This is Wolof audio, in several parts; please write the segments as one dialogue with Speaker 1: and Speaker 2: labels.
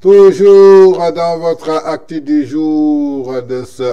Speaker 1: Toujours dans votre acte du jour de ce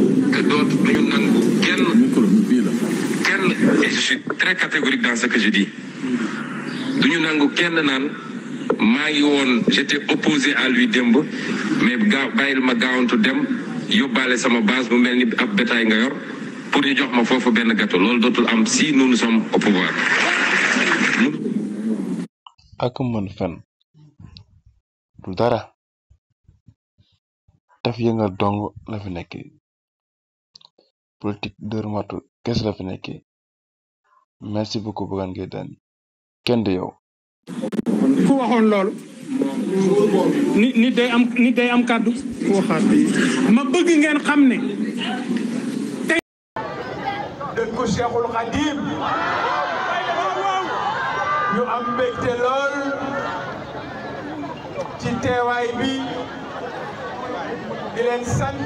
Speaker 2: d'autres duñu nangu kenn kenn et je suis très catégorique dans ce que je dis duñu nangu kenn naan maa ngi woon j'étais opposé à lui démb mais gaaw bàyyil ma gaawantu dem yóbbaale sama base bu mel ni ab nga yor pour ñu jox ma foofu benn gâteau loolu dootul am si nous nous sommes au pouvoir.
Speaker 1: ak man fen du dara daf yëngal dong la fi nekk
Speaker 2: politic dóor matu kess la fi nekke merci beaucoup Bougane
Speaker 1: Gueye kenn du yow.
Speaker 2: ku waxoon loolu. nit nit am nit am kàddu. ma bëgg ngeen xam ne. dëkku Cheikhul Khadim. ñu am mbégte lool ci teewaay bi di leen sant.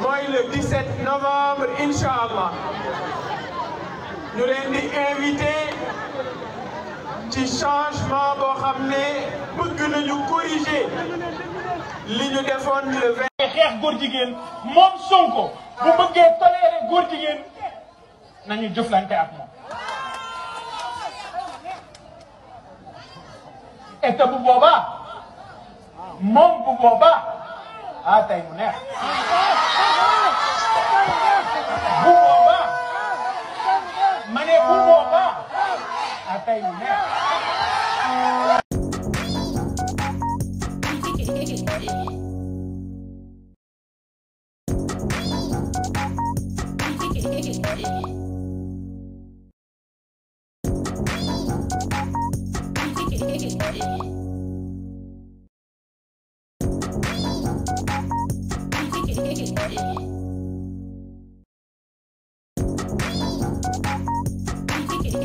Speaker 2: Moi le 17 novembre Inshallah, nous ñu invité du changement boo xam ne nañu corriger li ñu le 20. xeex góor Sonko bu pouvez toléré Gourdigin, jigéen nañu jëflante ak moom. et bu boobaa moom bu Ah, tem mulher? Buoba! Mané buoba! Ah, tem mulher?
Speaker 3: Thank you.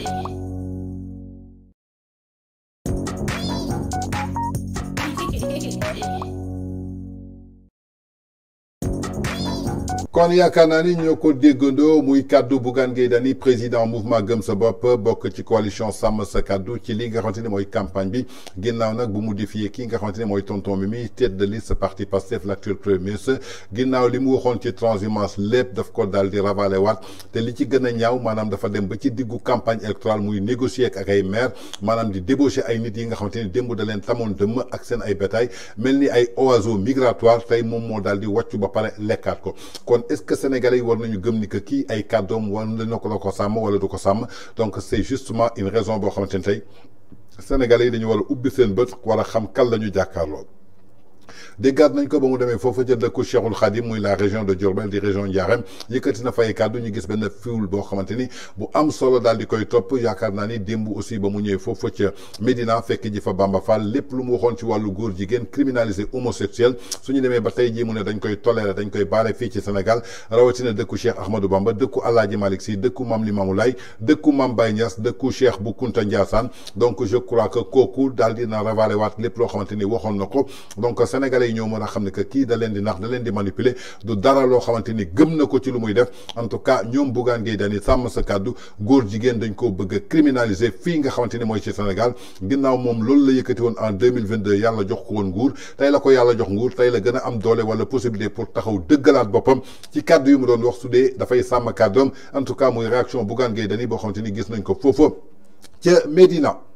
Speaker 3: yeah.
Speaker 1: Quand il y a ñoo ko déggandoo muy kaddu Bougane Gueye président mouvement gëm Bop, bopp ci coalition sàmm sa kaddu ci li nga campagne bi ginnaaw nag bu mu ki nga xamante ne mooy tonton Mimi tête de liste parti Pastef l'actuel premier ministre ginnaaw li mu waxoon ci transhumance lépp daf ko daal di ravalé waat te li ci gën a ñaaw maanaam dafa dem ba ci diggu campagne électorale muy négocier ak ay maire maanaam di débaucher ay nit yi nga xamante ni démb da leen tamoon dëmm ak seen ay bétail mel ni ay oiseaux migratoires tey moom moo daal di wàccu ba pare lekkaat ko kon est-ce que sénégalais yi war nañu gëm ni que kii ay kàddoom war na ko la ko sàmm wala du ko sàmm donc c'est justement une raison boo xamante ni sénégalais yi dañu war a ubbi seen bët war a xam kan la ñu jàkkaarloo déggaat nañ ko ba mu demee foofa ca dëkku Cheikhul Khadim muy la région de Diourbel di région Ndiarème yëkkati na fay kàddu ñu gis benn fiwul boo xamante ni bu am solo daal di koy topp yaakaar naa ni démb aussi ba mu ñëwee foofa ca Médina fekk ji fa Bamba Fall lépp lu mu waxoon ci wàllu góor jigéen criminaliser homosexuel suñu demee ba tey ji mu ne dañ koy tolérer dañ koy baare fii ci Sénégal rawatina dëkku Cheikh Ahmadou Bamba dëkku Alaaji Malick Sy dëkku Maam Limaamu Laay dëkku Maam Baye Niass dëkku Cheikh bu Kunta Ndiassane donc je crois que kooku daal dina ravale waat lépp loo xamante ni waxoon na ko donc sénégalais ñoo mën a xam ne que da leen di nax da leen di manipuler du dara lo xamanteni gëm na ko ci lu muy def en tout cas ñoom Bougane Gueye dañi sam sa cadeau góor jigen dañ ko bëgg criminaliser fi nga xamanteni moy ci Sénégal ginnaw mom loolu la yëkëti won en 2022 yàlla jox ko won nguur tay la ko yàlla jox nguur tay la gëna am doole wala possibilité pour taxaw deugalat bopam ci cadeau yu mu doon wax su da fay sam cadeau en tout cas moy réaction Bougane Gueye Dany boo xamante ni gis nañ ko fofu ci Médina